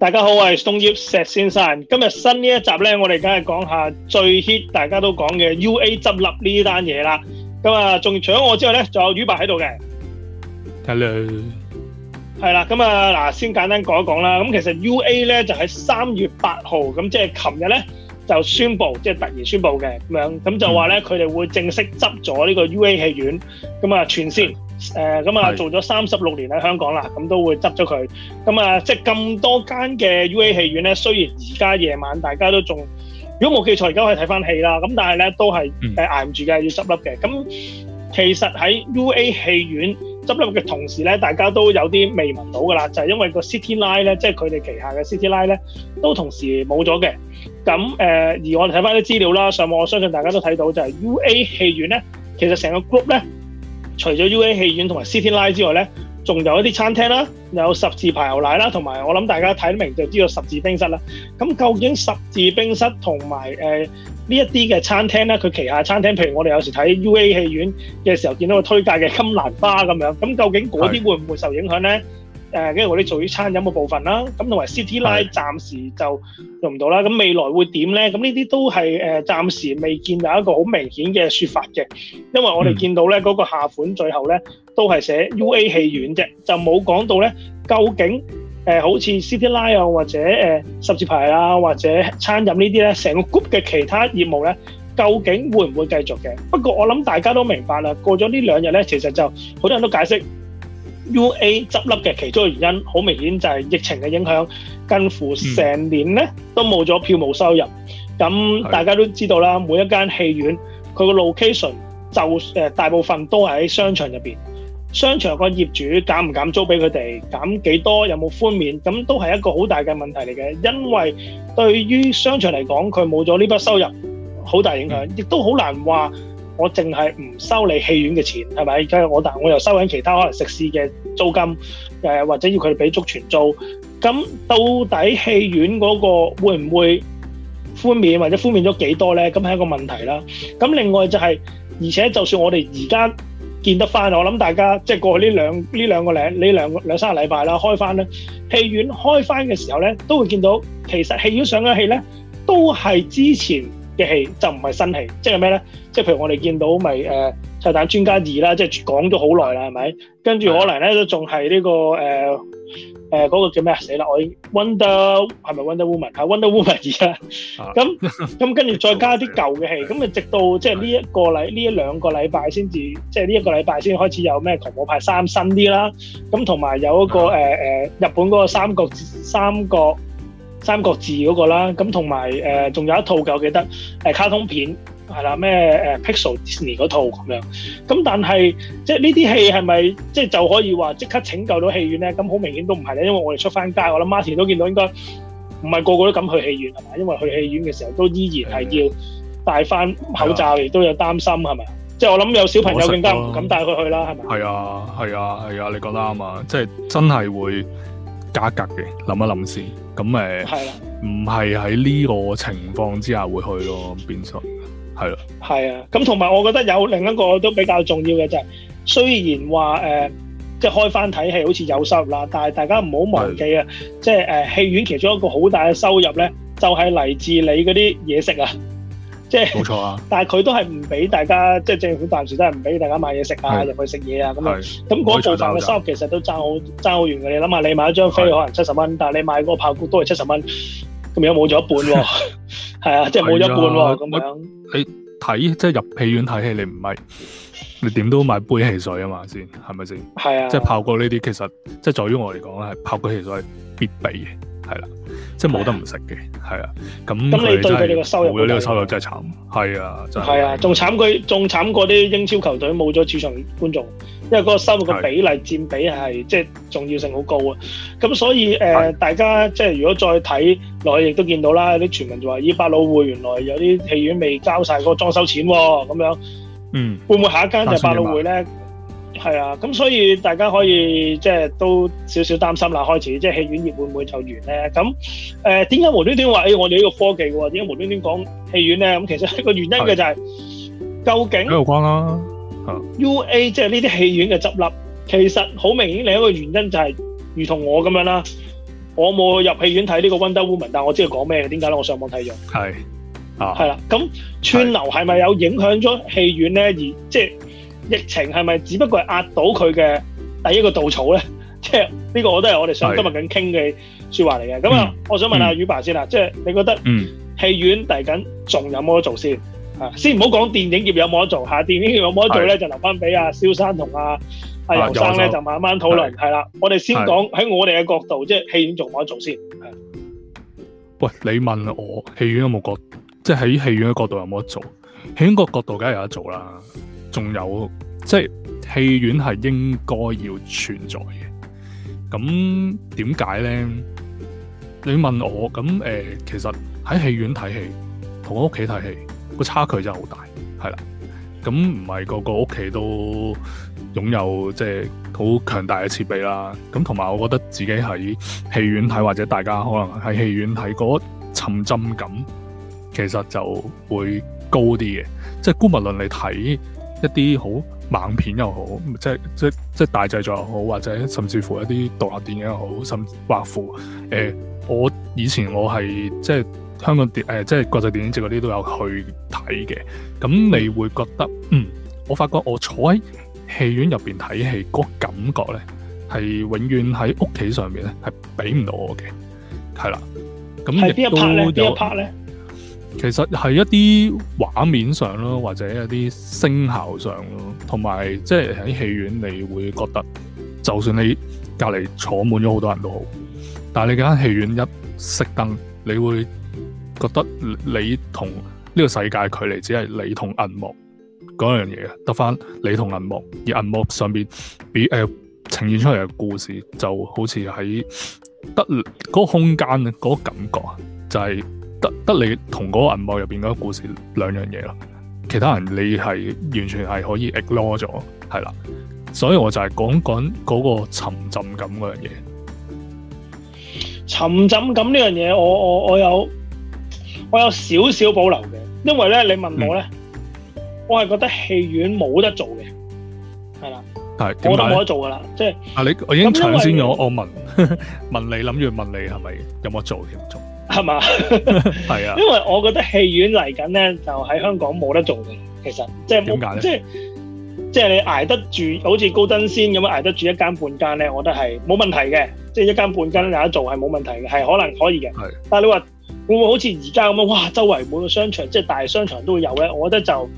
大家好，我係 Stone Ip 石先生。今日新呢一集咧，我哋梗係講下最 hit，大家都講嘅 U A 執笠呢單嘢啦。咁啊，仲除咗我之外咧，仲有魚爸喺度嘅。係啦，係啦。咁啊，嗱，先簡單講一講啦。咁其實 U A 咧就喺、是、三月八號，咁即係琴日咧就宣布，即、就、係、是、突然宣布嘅咁樣。咁就話咧，佢哋、嗯、會正式執咗呢個 U A 戲院。咁啊，全線。嗯誒咁啊，做咗三十六年喺香港啦，咁是的 都會執咗佢。咁、嗯、啊，即係咁多間嘅 UA 戲院咧，雖然而家夜晚大家都仲，如果冇記錯而家可以睇翻戲啦。咁但係咧都係誒捱唔住嘅，要執笠嘅。咁、嗯、其實喺 UA 戲院執笠嘅同時咧，大家都有啲未聞到㗎啦，就係、是、因為個 City Line 咧，即係佢哋旗下嘅 City Line 咧，都同時冇咗嘅。咁、嗯、誒、呃，而我哋睇翻啲資料啦，上網我相信大家都睇到就係 UA 戲院咧，其實成個 group 咧。除咗 UA 戲院同埋 Cityline 之外咧，仲有一啲餐廳啦，有十字牌牛奶啦，同埋我諗大家睇得明就知道十字冰室啦。咁究竟十字冰室同埋誒呢一啲嘅餐廳咧，佢旗下餐廳，譬如我哋有時睇 UA 戲院嘅時候見到佢推介嘅金蘭花咁樣，咁究竟嗰啲會唔會受影響咧？誒，跟住我哋做啲餐飲嘅部分啦，咁同埋 City Life 暫時就用唔到啦，咁未來會點咧？咁呢啲都係誒，暫時未見有一個好明顯嘅說法嘅，因為我哋見到咧嗰個下款最後咧都係寫 U A 戲院啫，就冇講到咧究竟、呃、好似 City Life 啊，或者、呃、十字牌啊，或者餐飲呢啲咧，成個 group 嘅其他業務咧，究竟會唔會繼續嘅？不過我諗大家都明白啦，過咗呢兩日咧，其實就好多人都解釋。UA 執笠嘅其中一個原因，好明顯就係疫情嘅影響，近乎成年咧都冇咗票務收入。咁、嗯、大家都知道啦，每一間戲院佢個 location 就誒大部分都喺商場入邊，商場個業主減唔減租俾佢哋，減幾多，有冇寬免，咁都係一個好大嘅問題嚟嘅。因為對於商場嚟講，佢冇咗呢筆收入，好大影響，亦都好難話。我淨係唔收你戲院嘅錢，係咪？佢我但我又收緊其他可能食肆嘅租金，誒、呃、或者要佢俾足全租。咁到底戲院嗰個會唔會寬免，或者寬免咗幾多咧？咁係一個問題啦。咁另外就係、是，而且就算我哋而家見得翻，我諗大家即係、就是、過去呢兩呢兩個禮呢兩兩三個禮拜啦，開翻咧戲院開翻嘅時候咧，都會見到其實戲院上嘅戲咧都係之前嘅戲就唔係新戲，即係咩咧？即係譬如我哋見到咪、就、誒、是《拆、呃、蛋專家二》啦，即係講咗好耐啦，係咪？跟住可能咧都仲係呢是、呢個誒誒嗰個叫咩啊？死啦！我 Wonder 係咪 Wonder Woman 啊？Wonder Woman 二啦，咁咁跟住再加啲舊嘅戲，咁咪 直到即係呢一個禮呢一的兩個禮拜先至，即係呢一個禮拜先開始有咩《狂舞派三》新啲啦，咁同埋有一個誒誒、啊呃、日本嗰個《三國》《三國》。三國志嗰、那個啦，咁同埋誒，仲、呃、有一套嘅，我記得誒、呃、卡通片係啦，咩誒、呃、Pixel Disney 嗰套咁樣。咁但係即係呢啲戲係咪即係就可以話即刻拯救到戲院咧？咁好明顯都唔係咧，因為我哋出翻街，我諗 Martin 都見到應該唔係個個都敢去戲院係嘛？因為去戲院嘅時候都依然係要戴翻口罩，亦是、啊、都有擔心係咪？即係我諗有小朋友更加唔敢帶佢去啦，係咪？係啊，係啊，係啊，你覺得啱嘛？即係真係會假格嘅，諗一諗先。咁咪，唔係喺呢個情況之下會去咯，變成係咯。係啊，咁同埋我覺得有另一個都比較重要嘅就係，雖然話、呃、即係開翻睇戲好似有收入啦，但係大家唔好忘記啊，的即係誒戲院其中一個好大嘅收入咧，就係、是、嚟自你嗰啲嘢食啊。即係冇錯啊！但係佢都係唔俾大家，即係政府暫時都係唔俾大家買嘢食啊，入是去食嘢啊，咁咁嗰部分嘅收入其實都爭好爭好遠嘅。你諗下，你買一張飛可能七十蚊，的但係你買嗰個炮谷都係七十蚊，咁樣冇咗一半喎。係啊， 即係冇咗一半喎咁的樣。你睇即係入戲院睇戲，你唔係你點都買杯汽水啊嘛？先係咪先？係啊的。即係炮谷呢啲，其實即係在於我嚟講咧，係炮谷汽水係必備嘅，係啦。即係冇得唔食嘅，係啊，咁咁你對佢哋個收入，我哋呢個收入真係慘，係啊，係啊，仲慘佢，仲慘過啲英超球隊冇咗主場觀眾，因為嗰個收入嘅比例、啊、佔比係即係重要性好高、呃、啊，咁所以誒，大家即係如果再睇，落去，亦都見到啦，啲傳聞就話咦，百老匯原來有啲戲院未交晒嗰個裝修錢喎、哦，咁樣，嗯，會唔會下一間就係百老匯咧？係啊，咁所以大家可以即係都少少擔心啦。開始即係戲院業會唔會就完咧？咁誒點解無端端話誒我哋呢個科技喎？點解無端端講戲院咧？咁其實一個原因嘅就係究竟有關啦？U A 即係呢啲戲院嘅執笠，其實好明顯另一個原因就係、係、如同我咁樣啦，我冇入戲院睇呢個 Wonder Woman，但我知道講咩嘅。點解咧？我上網睇咗係啊，係啦、啊。咁串流係咪有影響咗戲院咧？而即係。疫情係咪只不過係壓倒佢嘅第一個稻草咧？即係呢個我都係我哋想今日緊傾嘅説話嚟嘅。咁啊的，我想問下魚爸先啦，嗯、即係你覺得戲院第緊仲有冇得做、嗯、先？啊，先唔好講電影業有冇得做，嚇電影業有冇得做咧，的就留翻俾阿蕭生同阿阿遊生咧，就慢慢討論。係啦、啊，我哋先講喺我哋嘅角度，的即係戲院仲冇得做先？喂，你問我戲院有冇角，即係喺戲院嘅角度有冇得做？喺呢個角度，梗係有得做啦。仲有即係戲院係應該要存在嘅。咁點解咧？你問我咁誒、呃，其實喺戲院睇戲同我屋企睇戲個差距就好大，係啦。咁唔係個個屋企都擁有即係好強大嘅設備啦。咁同埋，我覺得自己喺戲院睇或者大家可能喺戲院睇嗰、那個、沉浸感，其實就會高啲嘅。即係姑勿論嚟睇。一啲好猛片又好，即係即係即係大製作又好，或者甚至乎一啲獨立電影又好，甚至乎誒、呃，我以前我係即係香港電誒、呃，即係國際電影節嗰啲都有去睇嘅。咁你會覺得嗯，我發覺我坐喺戲院入邊睇戲嗰感覺咧，係永遠喺屋企上面咧係俾唔到我嘅，係啦。咁亦都有。係其實係一啲畫面上咯，或者一啲聲效上咯，同埋即係喺戲院你會覺得，就算你隔籬坐滿咗好多人都好，但係你間戲院一熄燈，你會覺得你同呢個世界距離，只係你同銀幕嗰樣嘢得返你同銀幕，而銀幕上邊比誒呈現出嚟嘅故事，就好似喺得嗰個空間嗰個感覺啊，就係、是。得得你同嗰個銀幕入邊嗰個故事兩樣嘢咯，其他人你係完全係可以 ignore 咗，係啦，所以我就係講講嗰個沉浸感嗰樣嘢。沉浸感呢樣嘢，我我我有我有少少保留嘅，因為咧你問我咧，嗯、我係覺得戲院冇得做嘅，係啦，我都冇得做噶啦，即係啊你我已經搶先咗因為，我問問你諗住問你係咪有冇得做先做？係嘛？係啊是， 因為我覺得戲院嚟緊咧，就喺香港冇得做嘅。其實即係冇，即係即係你捱得住，好似高登仙咁樣捱得住一間半間咧，我覺得係冇問題嘅。即、就、係、是、一間半間有得做係冇問題嘅，係可能可以嘅。係是的，但係你話會唔會好似而家咁樣？哇，周圍每個商場即係、就是、大商場都會有咧，我覺得就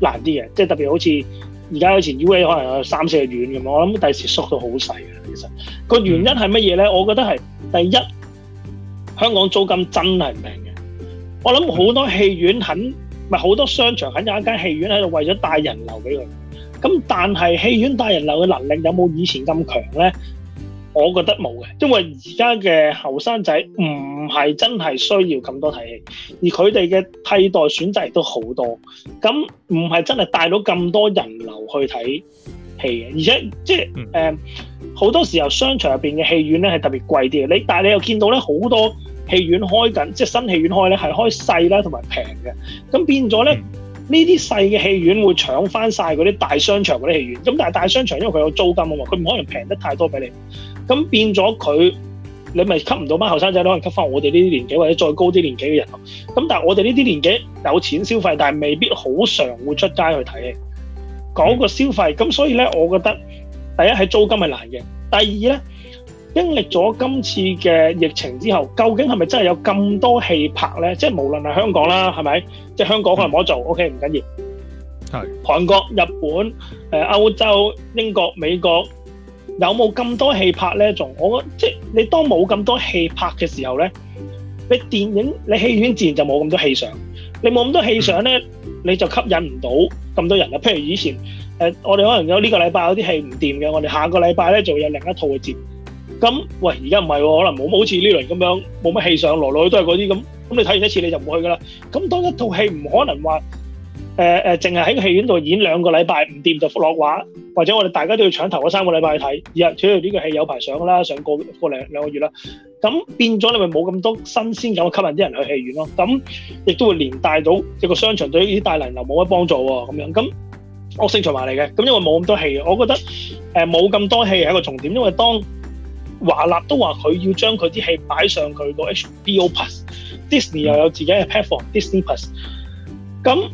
難啲嘅。即、就、係、是、特別好似而家好似 U A 可能有三四個院咁，我諗第時縮到好細嘅。其實個原因係乜嘢咧？嗯、我覺得係第一。香港租金真係唔平嘅，我諗好多戲院肯，咪好多商場肯有一間戲院喺度為咗帶人流俾佢，咁但係戲院帶人流嘅能力有冇以前咁強咧？我覺得冇嘅，因為而家嘅後生仔唔係真係需要咁多睇戲，而佢哋嘅替代選擇亦都好多，咁唔係真係帶到咁多人流去睇戲嘅，而且即係誒好多時候商場入邊嘅戲院咧係特別貴啲嘅，你但係你又見到咧好多。戲院開緊，即係新戲院開咧，係開細啦同埋平嘅。咁變咗咧，呢啲細嘅戲院會搶翻晒嗰啲大商場嗰啲戲院。咁但係大商場因為佢有租金啊嘛，佢唔可能平得太多俾你。咁變咗佢，你咪吸唔到班後生仔，都可能吸翻我哋呢啲年紀或者再高啲年紀嘅人。咁但係我哋呢啲年紀有錢消費，但係未必好常會出街去睇。講個消費，咁所以咧，我覺得第一係租金係難嘅，第二咧。經歷咗今次嘅疫情之後，究竟係咪真係有咁多戲拍呢？即係無論係香港啦，係咪？即係香港可能冇得做，OK 唔緊要。係韓國、日本、誒歐洲、英國、美國有冇咁多戲拍呢？仲我即係你當冇咁多戲拍嘅時候呢，你電影你戲院自然就冇咁多戲上。你冇咁多戲上呢，你就吸引唔到咁多人啦。譬如以前誒、呃，我哋可能有呢個禮拜有啲戲唔掂嘅，我哋下個禮拜呢，就有另一套嘅節。咁喂，而家唔係喎，可能冇好似呢輪咁樣冇乜戲上來落去都係嗰啲咁。咁你睇完一次你就唔會去噶啦。咁當一套戲唔可能話誒誒，淨係喺戲院度演兩個禮拜，唔掂就落畫。或者我哋大家都要搶頭嗰三個禮拜去睇。而啊，主要呢個戲有排上啦，上個個零兩個月啦。咁變咗你咪冇咁多新鮮感，吸引啲人去戲院咯。咁亦都會連帶到一個商場對啲大人流冇乜幫助喎。咁樣咁惡性循環嚟嘅。咁因為冇咁多戲，我覺得誒冇咁多戲係一個重點，因為當華納都話佢要將佢啲戲擺上佢個 HBO Plus，Disney 又有自己嘅 platform Disney Plus。咁、嗯、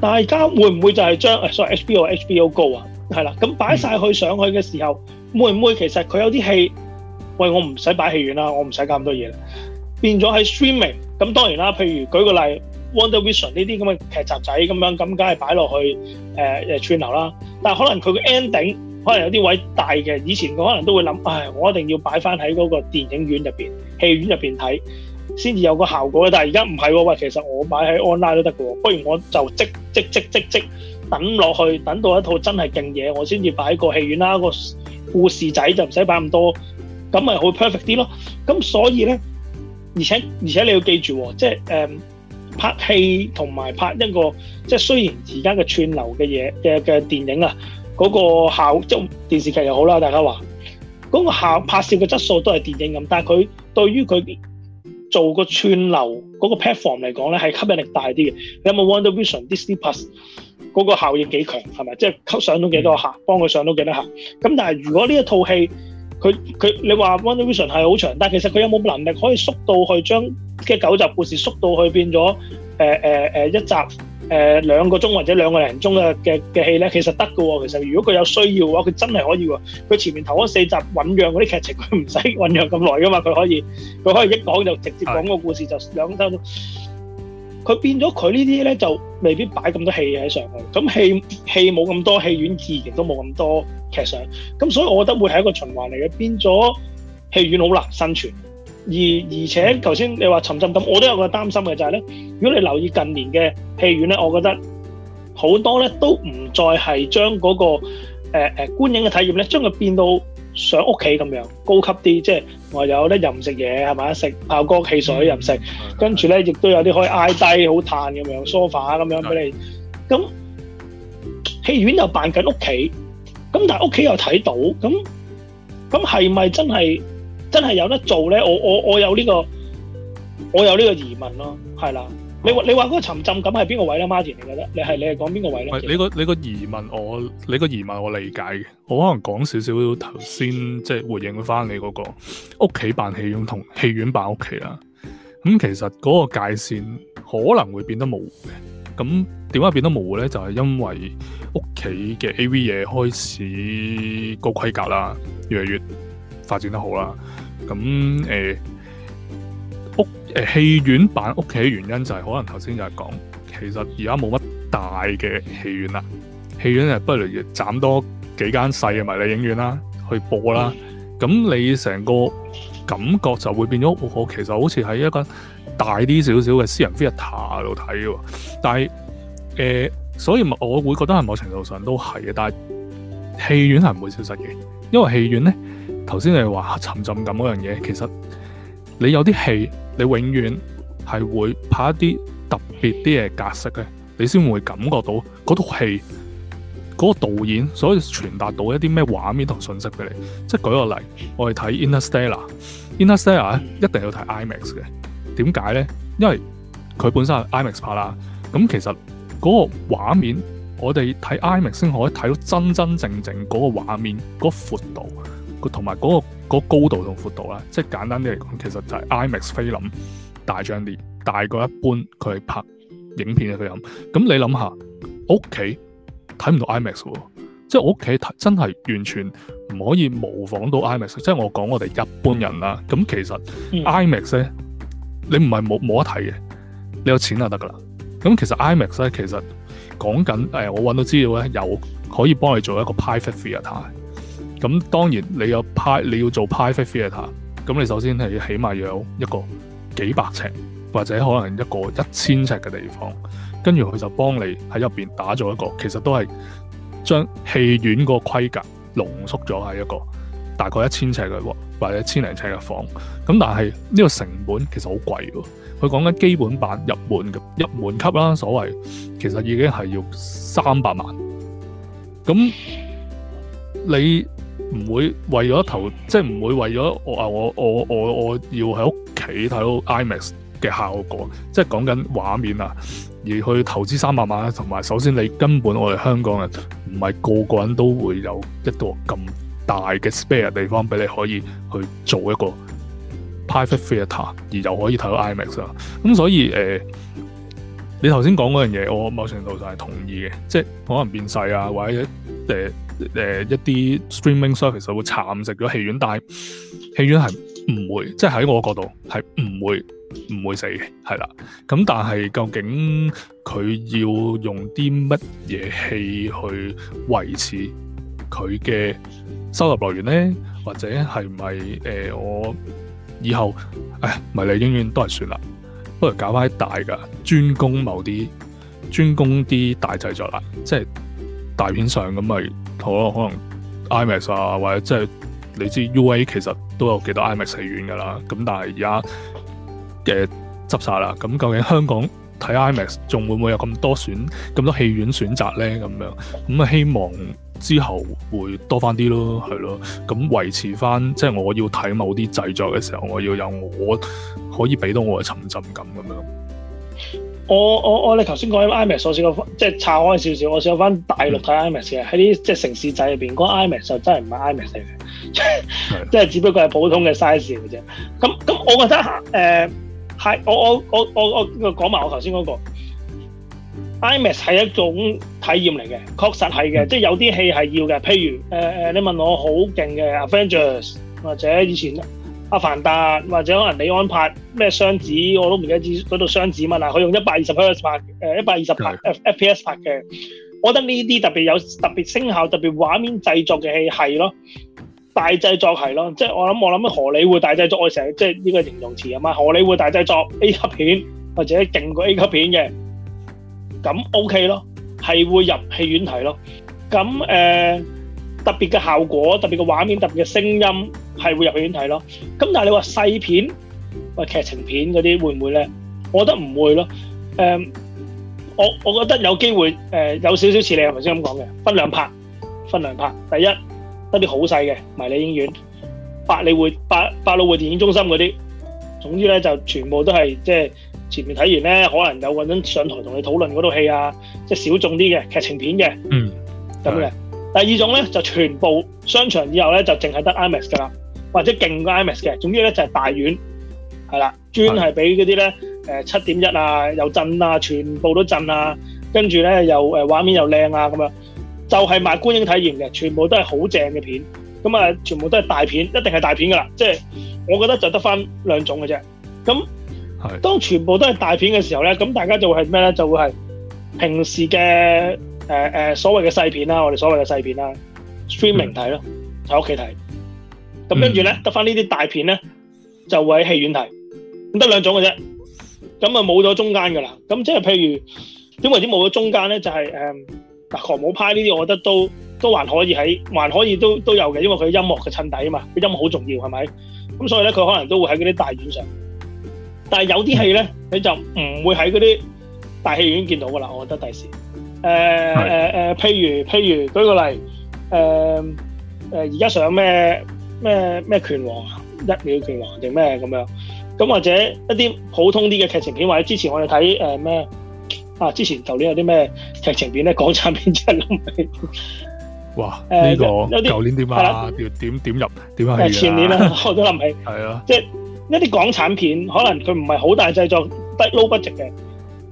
大家會唔會就係將所以 HBO、HBO Go 啊，係啦。咁擺晒佢上去嘅時候，會唔會其實佢有啲戲，喂，我唔使擺戲院啦，我唔使搞咁多嘢啦，變咗喺 streaming。咁當然啦，譬如舉個例，Wonder Vision 呢啲咁嘅劇集仔咁樣，咁梗係擺落去誒誒串流啦。但係可能佢嘅 ending。可能有啲位大嘅，以前佢可能都會諗，唉，我一定要擺翻喺嗰個電影院入邊、戲院入邊睇，先至有個效果。但係而家唔係喎，其實我擺喺 online 都得嘅，不如我就即即即即即等落去，等到一套真係勁嘢，我先至擺個戲院啦，個故事仔就唔使擺咁多，咁咪好 perfect 啲咯。咁所以呢，而且而且你要記住，即係、嗯、拍戲同埋拍一個，即係雖然而家嘅串流嘅嘢嘅嘅電影啊。嗰個效即電視劇又好啦，大家話嗰個效拍攝嘅質素都係電影咁，但係佢對於佢做個串流嗰個 platform 嚟講咧，係吸引力大啲嘅。你有冇 Wonder Vision Disney Plus 嗰個效應幾強係咪？即係吸上到幾多客，幫佢上到幾多客？咁但係如果呢一套戲佢佢你話 Wonder Vision 係好長，但係其實佢有冇能力可以縮到去將嘅九集故事縮到去變咗、呃呃、一集？誒、呃、兩個鐘或者兩個零鐘嘅嘅嘅戲咧，其實得㗎喎。其實如果佢有需要嘅話，佢真係可以喎。佢前面頭嗰四集醖釀嗰啲劇情，佢唔使醖釀咁耐㗎嘛。佢可以佢可以一講就直接講個故事，是的 就兩集。佢一變咗佢呢啲咧，就未必擺咁多戲喺上去。咁戲戲冇咁多，戲院自然都冇咁多劇上。咁所以我覺得會係一個循環嚟嘅，變咗戲院好難生存。而而且頭先你話沉浸感，我都有個擔心嘅就係咧，如果你留意近年嘅戲院咧，我覺得好多咧都唔再係將嗰個誒誒觀影嘅體驗咧，將佢變到上屋企咁樣高級啲，即係我有咧任食嘢係咪，食爆谷汽水任食，跟住咧亦都有啲可以挨低好嘆咁樣梳化咁樣俾你，咁戲院又扮緊屋企，咁但係屋企又睇到，咁咁係咪真係？真係有得做咧？我我我有呢個我有呢個疑問咯，係啦。你你話嗰個沉浸感係邊個位呢？Martin，你覺得你係你係講邊個位咧？你個你個疑問我，我你個疑問我理解嘅。我可能講少少頭先，即係回應翻你嗰個屋企扮戲院同戲院扮屋企啦。咁其實嗰個界線可能會變得模糊嘅。咁點解變得模糊咧？就係因為屋企嘅 A V 嘢開始高規格啦，越嚟越。發展得好啦，咁誒、欸、屋誒、欸、戲院辦屋企嘅原因就係、是、可能頭先就係講，其實而家冇乜大嘅戲院啦，戲院就不如斬多幾間細嘅迷你影院啦，去播啦。咁你成個感覺就會變咗，我其實好似喺一個大啲少少嘅私人 villa 度睇喎。但係誒、欸，所以我會覺得係某程度上都係嘅，但係戲院係唔會消失嘅，因為戲院咧。頭先你話沉浸感嗰樣嘢，其實你有啲戲，你永遠係會拍一啲特別啲嘅格式嘅，你先會感覺到嗰套戲嗰個導演所以傳達到一啲咩畫面同信息俾你。嚟即係舉個例，我哋睇《Interstellar》，《Interstellar》咧一定要睇 IMAX 嘅。點解咧？因為佢本身係 IMAX 拍啦。咁其實嗰個畫面，我哋睇 IMAX 先可以睇到真真正正嗰個畫面嗰個闊度。佢同埋嗰個高度同寬度啦，即係簡單啲嚟講，其實就係 IMAX 菲林大張啲，大過一般佢拍影片嘅佢咁。咁你諗下，屋企睇唔到 IMAX 喎，即係我屋企真係完全唔可以模仿到 IMAX。即係我講我哋一般人啦，咁、嗯、其實 IMAX 咧，你唔係冇冇得睇嘅，你有錢就得噶啦。咁其實 IMAX 咧，其實講緊誒、欸，我揾到資料咧，有可以幫你做一個 private theatre、啊。咁當然你有派你要做 private theatre，咁你首先係起碼要有一個幾百尺或者可能一個一千尺嘅地方，跟住佢就幫你喺入面打造一個，其實都係將戲院個規格濃縮咗喺一個大概一千尺嘅或或者千零尺嘅房。咁但係呢個成本其實好貴喎。佢講緊基本版入門入門級啦，所謂其實已經係要三百萬。咁你？唔會為咗投，即係唔會為咗我啊，我我我我要喺屋企睇到 IMAX 嘅效果，即係講緊畫面啊，而去投資三百萬，同埋首先你根本我哋香港人唔係個個人都會有一個咁大嘅 spare 地方俾你可以去做一個 private theatre，而又可以睇到 IMAX 啊。咁所以誒。呃你頭先講嗰樣嘢，我某程度上係同意嘅，即係可能變細啊，或者誒誒、呃呃、一啲 streaming service 會蠶食咗戲院，但係戲院係唔會，即係喺我角度係唔會唔會死嘅，係啦。咁但係究竟佢要用啲乜嘢戲去維持佢嘅收入來源咧？或者係咪誒我以後誒、哎、迷你影院都係算啦？不如搞翻啲大噶，專攻某啲，專攻啲大製作啦，即係大片上咁咪好咯。可能 IMAX 啊，或者即係你知 UA 其實都有幾多 IMAX 戲院噶啦，咁但係而家嘅執晒啦。咁究竟香港睇 IMAX 仲會唔會有咁多選，咁多戲院選擇咧？咁樣咁啊，希望。之後會多翻啲咯，係咯，咁維持翻，即係我要睇某啲製作嘅時候，我要有我，我可以俾到我嘅沉浸感咁樣我。我我，你，我我哋頭先講 IMAX，我試過，即係岔開少少，我試過翻大陸睇 IMAX 嘅，喺啲、嗯、即係城市仔入邊，嗰、嗰個 IMAX 就真係唔係 IMAX 嚟嘅，即係是的 只不過係普通嘅 size 嚟嘅啫。咁咁，我覺得誒係、呃、我我我我我講埋我頭先嗰個。IMAX 係一種體驗嚟嘅，確實係嘅，即係有啲戲係要嘅。譬如誒誒、呃，你問我好勁嘅 Avengers 或者以前阿凡達或者可能李安拍咩雙子，我都唔記得住嗰套雙子乜啦。佢用一百二十 FPS 拍誒一百二十 FPS 拍嘅，的我覺得呢啲特別有特別聲效、特別畫面製作嘅戲係咯，大製作係咯。即係我諗我諗荷里活大製作，我成日即係呢個形容詞啊嘛。荷里活大製作 A 級片或者勁過 A 級片嘅。咁 OK 咯，係會入戲院睇咯。咁誒、呃、特別嘅效果，特別嘅畫面，特別嘅聲音，係會入戲院睇咯。咁但係你話細片，話劇情片嗰啲會唔會咧？我覺得唔會咯。誒、呃，我我覺得有機會誒、呃，有少少似你頭先咁講嘅，分兩拍，分兩拍。第一，得啲好細嘅迷你影院，百里匯、百百老匯電影中心嗰啲，總之咧就全部都係即係。前面睇完咧，可能有個人上台同你討論嗰套戲啊，即係小眾啲嘅劇情片嘅，嗯，咁嘅。嗯、第二種咧就全部商場以後咧就淨係得 IMAX 噶啦，或者勁過 IMAX 嘅，總之咧就係、是、大院，係啦，專係俾嗰啲咧誒七點一啊，又震啊，全部都震啊，跟住咧又誒、呃、畫面又靚啊咁樣，就係、是、賣觀影體驗嘅，全部都係好正嘅片，咁啊、呃、全部都係大片，一定係大片噶啦，即係我覺得就得返兩種嘅啫，咁。當全部都係大片嘅時候咧，咁大家就會係咩咧？就會係平時嘅誒誒所謂嘅細片啦，我哋所謂嘅細片啦，streaming 睇咯，喺屋企睇。咁跟住咧，得返呢啲、嗯、大片咧，就會喺戲院睇。咁得兩種嘅啫，咁啊冇咗中間㗎喇。咁即係譬如，點為之冇咗中間咧？就係、是、誒，嗱、嗯，航母派呢啲，我覺得都都還可以喺，還可以都都有嘅，因為佢音樂嘅襯底啊嘛，啲音樂好重要係咪？咁所以咧，佢可能都會喺嗰啲大院上。但係有啲戲咧，你就唔會喺嗰啲大戲院見到㗎啦。我覺得第時，誒誒誒，譬如譬如舉個例，誒、呃、誒，而、呃、家、呃、上咩咩咩拳王，一秒拳王定咩咁樣？咁或者一啲普通啲嘅劇情片，或者之前我哋睇誒咩啊？之前舊年有啲咩劇情片咧？港產片真係諗唔起。哇！呢、呢個舊年點啊？點點點入點入啊？的入啊，前年啊，我都諗起。係啊是的，即係。一啲港產片可能佢唔係好大製作得撈不值嘅，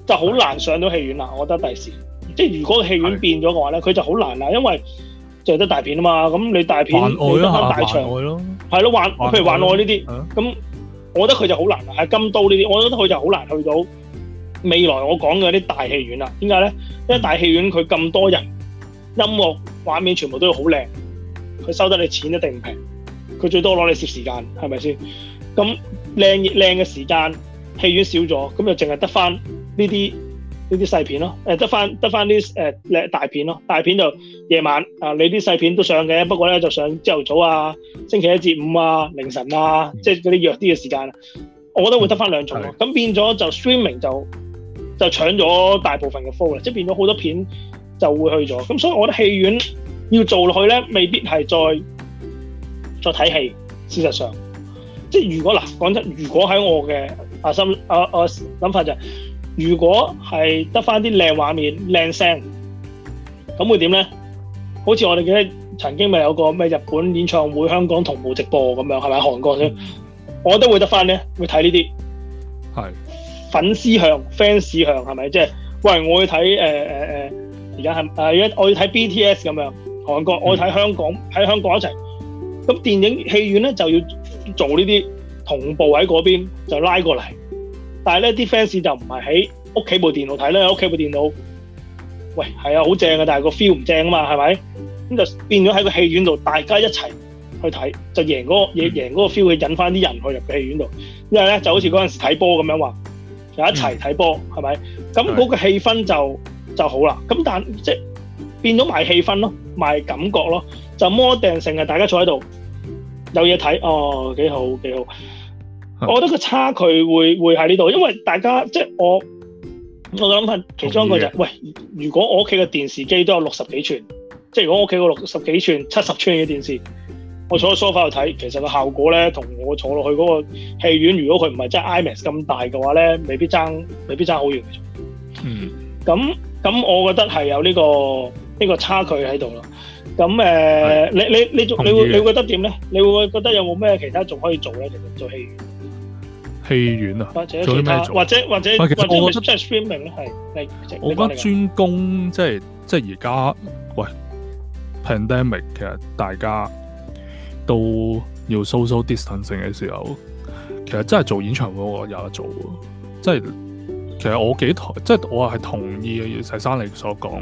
就好難上到戲院啦。我覺得第時，即係如果戲院變咗嘅話咧，佢是的 就好難啦，因為就得大片啊嘛。咁你大片愛你得翻大場，係咯，幻，譬如幻愛呢啲，咁的我覺得佢就好難啦。金都呢啲，我覺得佢就好難去到未來我講嘅啲大戲院啦。點解咧？嗯、因為大戲院佢咁多人，音樂畫面全部都要好靚，佢收得你錢一定唔平，佢最多攞你攝時間，係咪先？咁靚嘅嘅時間，戲院少咗，咁就淨係得翻呢啲呢啲細片咯，誒得翻得翻啲誒靚大片咯，大片就夜晚啊，你啲細片都上嘅，不過咧就上朝頭早啊、星期一至五啊、凌晨啊，即係嗰啲弱啲嘅時間，我覺得會得翻兩重。咁變咗就 streaming 就就搶咗大部分嘅 flow 啦，即係變咗好多片就會去咗。咁所以我覺得戲院要做落去咧，未必係再再睇戲，事實上。即係如果嗱講真，如果喺我嘅心，我我諗法就係、是，如果係得翻啲靚畫面、靚聲，咁會點咧？好似我哋記得曾經咪有個咩日本演唱會香港同步直播咁樣，係咪韓國先？我都會得翻咧，會睇呢啲。係是。粉絲向、fans 向係咪？即、就、係、是，喂，我要睇誒誒誒，而家係啊，而、呃、家、呃呃、我要睇 BTS 咁樣，韓國，我要睇香港，喺、嗯、香港一齊。咁電影戲院咧就要做呢啲同步喺嗰邊就拉過嚟，但係咧啲 fans 就唔係喺屋企部電腦睇咧，屋企部電腦，喂係啊好正啊，但係個 feel 唔正啊嘛，係咪？咁就變咗喺個戲院度大家一齊去睇就贏嗰、個嘢，贏嗰個 feel 去引翻啲人去入戲院度，因為咧就好似嗰陣時睇波咁樣話，就一齊睇波係咪？咁嗰、嗯、個氣氛就就好啦。咁但即係變咗賣氣氛咯，賣感覺咯。就摩定成日，大家坐喺度有嘢睇，哦，幾好幾好。我覺得個差距會會喺呢度，因為大家即係我我諗下，其中一個就是，喂，如果我屋企嘅電視機都有六十幾寸，即係如果我屋企個六十幾寸，七十寸嘅電視，我坐喺梳化度睇，其實個效果咧，同我坐落去嗰個戲院，如果佢唔係真係 IMAX 咁大嘅話咧，未必爭，未必爭好遠。嗯，咁咁，我覺得係有呢個呢個差距喺度咯。咁誒，你你你仲你會你會覺得點咧？你會覺得有冇咩其他仲可以做咧？其實做戲院戲院啊，或者做咩？或者或者，或者我覺得 streaming 係我覺得專攻即係即係而家，喂 Pandemic 其實大家都要 social distancing 嘅時候，其實真係做演唱會我有得做啊！即係其實我幾台，即係我係同意嘅，石生你所講。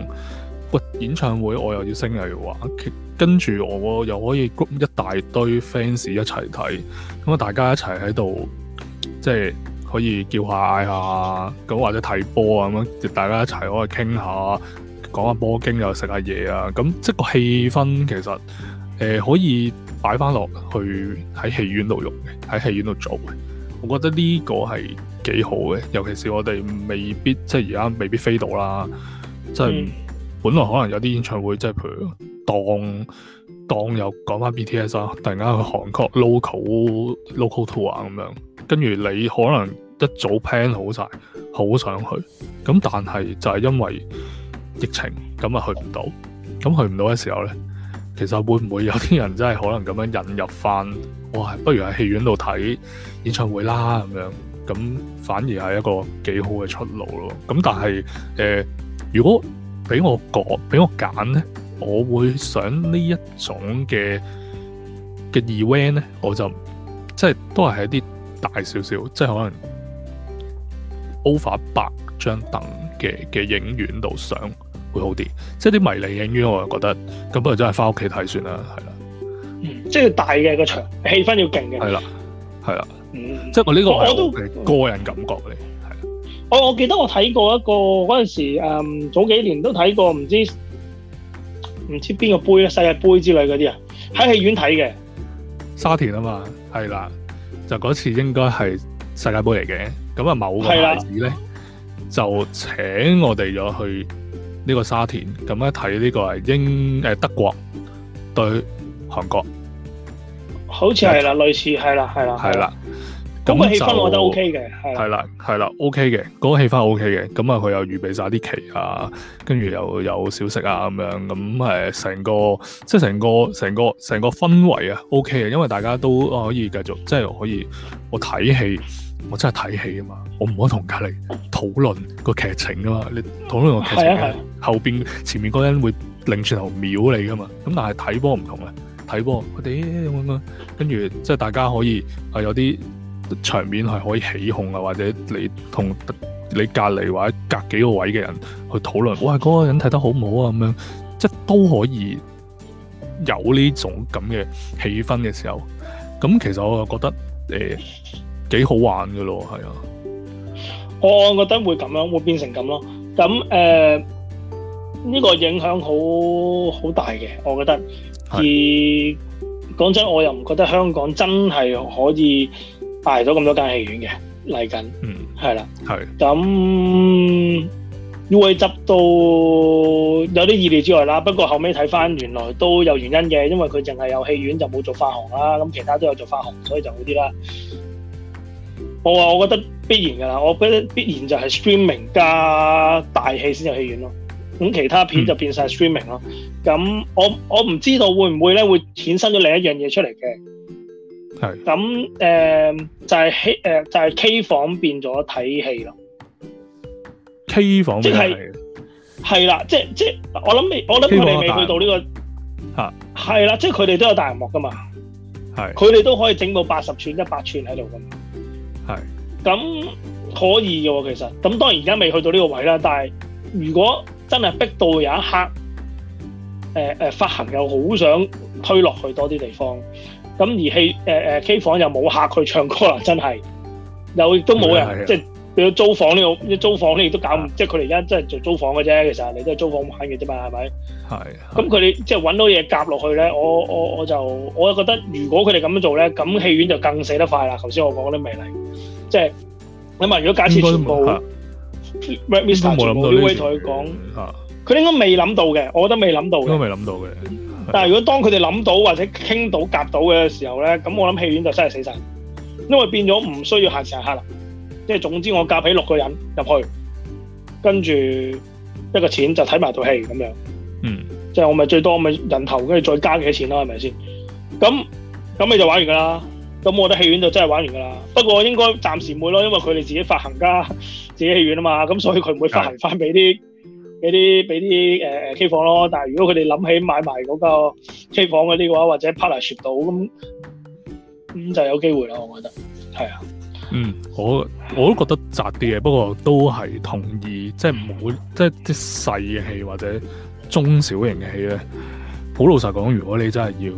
個演唱會我又要升嘅話，跟住我又可以 group 一大堆 fans 一齊睇，咁啊大家一齊喺度，即係可以叫下嗌下，咁或者睇波啊咁樣，大家一齊、就是、可以傾下，講下波經又食下嘢啊，咁即係個氣氛其實誒、呃、可以擺翻落去喺戲院度用嘅，喺戲院度做嘅，我覺得呢個係幾好嘅，尤其是我哋未必即係而家未必飛到啦，即係、嗯。本來可能有啲演唱會，即係譬如當當又講翻 BTS 啊，突然間去韓國 local local tour 啊咁樣，跟住你可能一早 plan 好晒，好想去，咁但係就係因為疫情，咁啊去唔到，咁去唔到嘅時候咧，其實會唔會有啲人真係可能咁樣引入翻？哇，不如喺戲院度睇演唱會啦，咁樣咁反而係一個幾好嘅出路咯。咁但係誒、呃，如果俾我講俾我揀咧，我會想呢一種嘅嘅 event 咧，我就即係都係喺啲大少少，即係可能 over 百張凳嘅嘅影院度上會好啲。即係啲迷你影院，我又覺得咁，那不如真係翻屋企睇算啦，係啦。即係、嗯就係要、大嘅、那個場，氣氛要勁嘅。係啦，係啦。嗯、即係我呢個係我個人感覺嚟。我我記得我睇過一個嗰陣時候、嗯，早幾年都睇過，唔知唔知邊個杯咧世界盃之類嗰啲啊，喺戲院睇嘅。沙田啊嘛，係啦，就嗰次應該係世界盃嚟嘅，咁啊某個太子咧的就請我哋咗去呢個沙田，咁咧睇呢個係英誒、欸、德國對韓國，好似係啦，嗯、類似係啦，係啦。是咁嘅氣氛我覺得 OK 嘅，係啦，係啦，OK 嘅，嗰、OK 嗰個氣氛 OK 嘅。咁啊，佢又預備晒啲旗啊，跟住又有小食啊，咁樣咁誒，成、嗯、個即係成個成個成個氛圍啊 OK 嘅，因為大家都可以繼續即係可以我睇戲，我真係睇戲啊嘛，我唔可以同隔離討論個劇情噶嘛，你討論個劇情是是後邊前面嗰人會擰轉頭瞄你噶嘛，咁但係睇波唔同啊，睇波我哋咁樣，跟住即係大家可以、啊、有啲。場面係可以起哄啊，或者你同你隔離或者隔幾個位嘅人去討論，哇！嗰個人睇得好唔好啊？咁樣即都可以有呢種咁嘅氣氛嘅時候，咁其實我就覺得誒幾好玩嘅咯，係啊！我覺得會咁樣，會變成咁咯。咁誒呢個影響好好大嘅，我覺得。而講真是，我又唔覺得香港真係可以。挨咗咁多間戲院嘅嚟緊，嗯，係啦了，係的。咁 UA 執都有啲意料之外啦，不過後尾睇翻原來都有原因嘅，因為佢淨係有戲院就冇做發行啦，咁其他都有做發行，所以就好啲啦。我話我覺得必然噶啦，我必必然就係 streaming 加大戲先有戲院咯，咁其他片就變晒 streaming 咯。咁、嗯、我我唔知道會唔會咧，會衍生咗另一樣嘢出嚟嘅。係咁誒，是 uh, 就係 K 誒，uh, 就係 K 房變咗睇戲咯。K 房即係係啦，即係即係，我諗未，我諗佢哋未去到呢、這個吓，係啦，即係佢哋都有大屏幕噶嘛，係是，佢哋都可以整到八十吋、一百吋喺度噶嘛，係是，咁可以嘅喎，其實，咁當然而家未去到呢個位啦，但係如果真係逼到有一刻，誒、呃、誒發行又好想推落去多啲地方。咁而戲誒誒 K 房又冇客去唱歌啦，真係又亦都冇人，啊、即係你要租房呢個，租房咧亦都搞唔，啊、即係佢哋而家真係做租房嘅啫。其實你都係租房玩嘅啫嘛，係咪？係、啊。咁佢哋即係揾到嘢夾落去咧，我我我就我覺得，如果佢哋咁樣做咧，咁戲院就更死得快啦。頭先我講嗰啲未嚟，即係咁啊！如果假設全部 m r 同佢講，佢應該未諗 Red 到嘅，我都未諗到都未諗到嘅。嗯。但係如果當佢哋諗到或者傾到夾到嘅時候呢，咁我諗戲院就真係死晒，因為變咗唔需要限時限刻啦，即係總之我夾俾六個人入去，跟住一個錢就睇埋套戲咁樣，嗯，即係我咪最多咪人頭，跟住再加幾多錢咯，係咪先？咁咁你就玩完噶啦，咁我覺得戲院就真係玩完噶啦。不過應該暫時唔會咯，因為佢哋自己發行家、自己戲院啊嘛，咁所以佢唔會發行翻俾啲。的俾啲俾啲誒 K 房咯，但係如果佢哋諗起買埋嗰個 K 房嗰啲嘅話，或者 partnership 到咁咁就有機會咯，我覺得係啊。嗯，我我都覺得窄啲嘅，不過都係同意，即係唔好，即係啲細戲或者中小型戲咧。好老實講，如果你真係要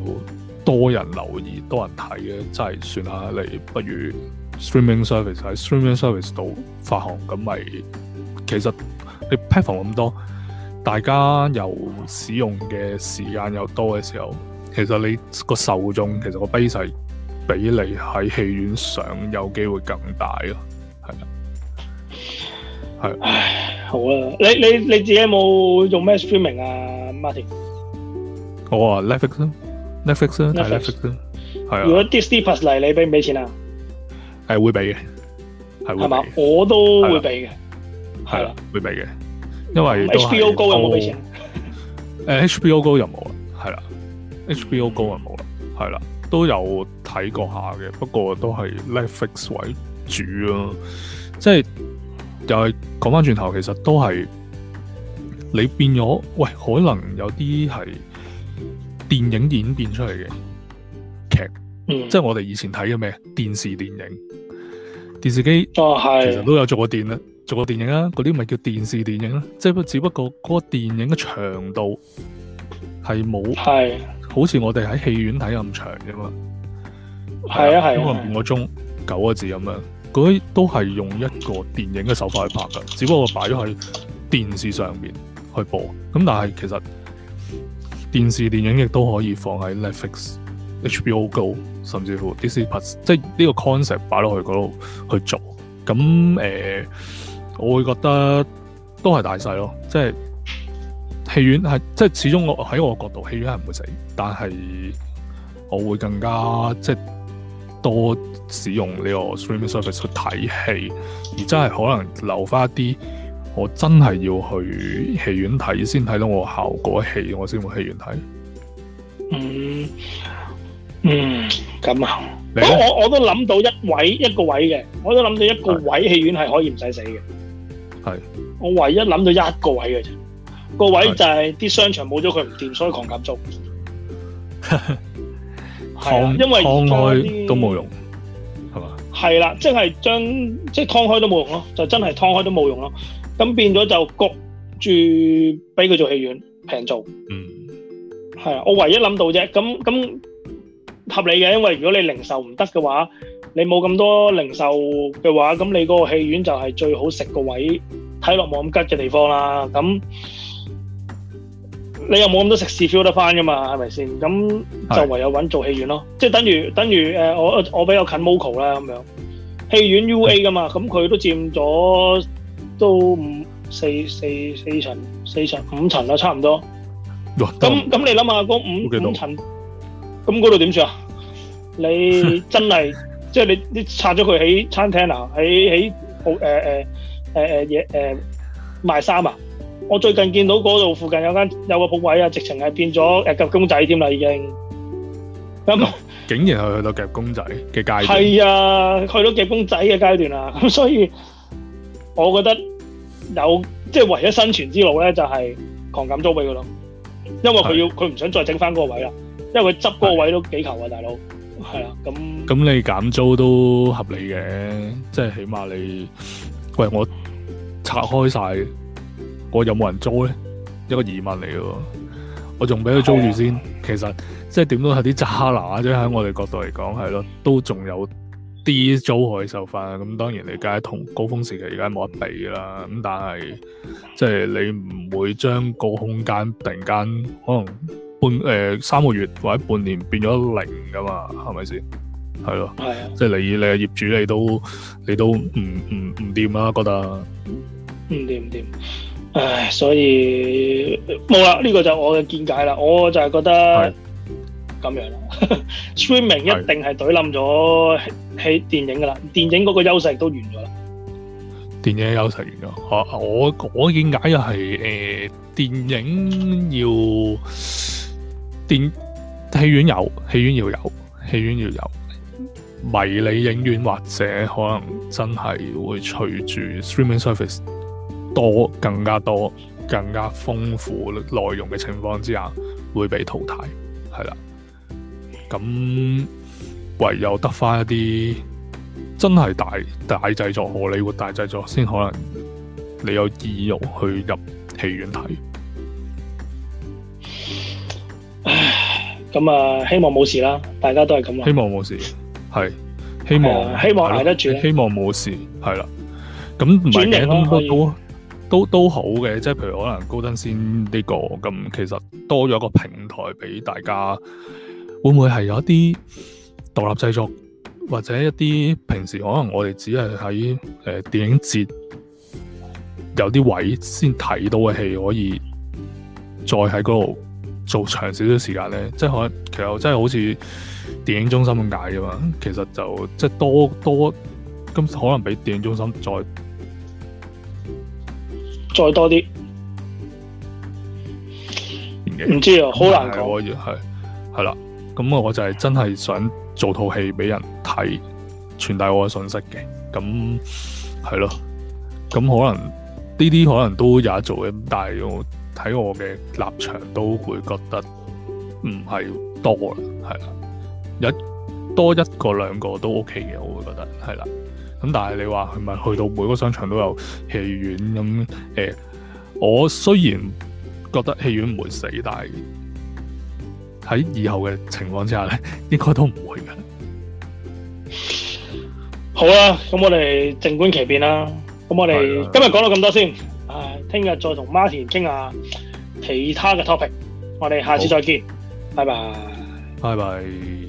多人留意、多人睇嘅，真係算啦，你不如 streaming service 喺 streaming service 度發行咁咪，其實。你 platform 咁多，大家又使用嘅時間又多嘅時候，其實你，個受眾，其實個 base 比你喺戲院上有機會更大咯，係啊，係。好啊！你你你自己有冇用咩 streaming 啊，Martin？我啊 Netflix 啦，Netflix 啦，係 Netflix 啦，係啊。如果啲 Disney Plus 嚟，你俾唔俾錢啊？係會俾嘅，係會。係嘛吧？的我都會俾嘅。係啦，會俾嘅，因為、嗯、都 HBO GO 有冇俾錢？誒，HBO GO 又冇啦，係啦。HBO GO 又沒有冇啦，係啦，都有睇過一下嘅，不過都係 Netflix 為主咯、啊。即係又係講翻轉頭，其實都係你變咗。喂，可能有啲係電影演變出嚟嘅劇，劇嗯、即係我哋以前睇嘅咩電視、電影、電視機係、哦、其實都有做過電啦。做個電影啦、啊，嗰啲咪叫電視電影啦、啊，即係不只不過嗰個電影嘅長度係冇，係好似我哋喺戲院睇咁長啫嘛，係啊係，半個鐘九個字咁樣，嗰啲都係用一個電影嘅手法去拍㗎，只不過擺咗喺電視上面去播，咁但係其實電視電影亦都可以放喺 Netflix、HBO Go，甚至乎 Disney+，即係呢個 concept 擺落去嗰度去做，咁誒。呃我會覺得都係大細咯，即係戲院係即係始終我喺我個角度戲院係唔會死，但係我會更加即係多使用呢個 streaming service 去睇戲，而真係可能留翻一啲我真係要去戲院睇先睇到我效果嘅戲，我先會戲院睇、嗯。嗯嗯，咁啊說，我我我都諗到一位一個位嘅，我都諗到一個位戲院係可以唔使死嘅。係，我唯一諗到一個位嘅啫，個位就係啲商場冇咗佢唔掂，所以狂減租。劏，因為劏開都冇用，係嘛？係啦，即係將即係劏開都冇用咯，就真係劏開都冇用咯。咁變咗就焗住俾佢做戲院平做。嗯，係啊，我唯一諗到啫。咁咁合理嘅，因為如果你零售唔得嘅話。你冇咁多零售嘅話，咁你嗰個戲院就係最好食個位，睇落冇咁吉嘅地方啦。咁你又冇咁多食肆 feel 得翻噶嘛？係咪先？咁就唯有揾做戲院咯。即係等於等於誒，我我比較近 Moco 啦咁樣，戲院 UA 噶嘛。咁佢都佔咗都五四四四層四層五層啦，差唔多。哇！咁咁你諗下嗰五五層，咁嗰度點算啊？你真係～即係你，你拆咗佢喺餐廳啊，喺喺鋪誒誒誒誒嘢誒賣衫啊！我最近見到嗰度附近有間有個鋪位啊，直情係變咗誒、呃、夾公仔添啦，已經咁、嗯、竟然係去到夾公仔嘅階段、嗯，係啊，去到夾公仔嘅階段啊。咁、嗯、所以我覺得有即係、就是、唯一生存之路咧，就係狂減租俾佢咯，因為佢要佢唔是的 想再整翻嗰個位啦，因為佢執嗰個位都幾求啊，大佬。係啊，咁咁你減租都合理嘅，即係起碼你喂，我拆開晒，我有冇人租咧？一個疑問嚟喎，我仲俾佢租住先。了其實即係點都係啲渣拿即係喺我哋角度嚟講係咯，都仲有啲租可以收翻。咁當然你梗係同高峰時期而家冇得比啦。咁但係即係你唔會將個空間突然間可能。半誒三個月或者半年變咗零噶嘛，係咪先？係咯，即係你你業主你都你都唔唔唔掂啦，覺得唔掂唔掂，唉，所以冇啦，呢個就我嘅見解啦，我就係覺得咁樣啦，streaming 一定係懟冧咗喺電影噶啦，電影嗰個優勢都完咗啦，電影嘅優勢完咗，我我我見解又係誒，電影要。電戲院有，戲院要有，戲院要有，迷你影院或者可能真係會隨住 streaming service 多更加多更加豐富內容嘅情況之下會被淘汰，係啦。咁唯有得返一啲真係大大製作，荷里活大製作，先可能你有意欲去入戲院睇。咁啊，啊，希望冇事啦，大家都係咁。希望冇事，係，希望，希望捱得住，希望冇事，係啦。咁唔係咁都以都，都，都好嘅，即係譬如可能高登先呢、個咁，其實多咗一個平台，俾大家，會唔會係有一啲獨立製作或者一啲平時可能我哋只係喺誒電影節有啲位先睇到嘅戲，可以再喺嗰度，做長少少時間咧，即係可能其實真係好似電影中心咁解嘅嘛，其實就即係多多咁可能比電影中心再再多啲，唔紀知啊，好難講。係，係啦，咁我我就係真係想做套戲俾人睇，傳遞我嘅信息嘅，咁係咯，咁可能呢啲可能都有得做嘅，但係我。睇我嘅立場都會覺得唔係多啦，係啦，一多一個兩個都 OK 嘅，我會覺得係啦。咁但係你話係咪去到每個商場都有戲院咁？誒、欸，我雖然覺得戲院唔會死，但係喺以後嘅情況之下咧，應該都唔會嘅。好啦、啊，咁我哋靜觀其變啦。咁我哋今日講到咁多先。聽日再同 Martin 傾下其他嘅 topic，我哋下次再見，拜拜，拜拜。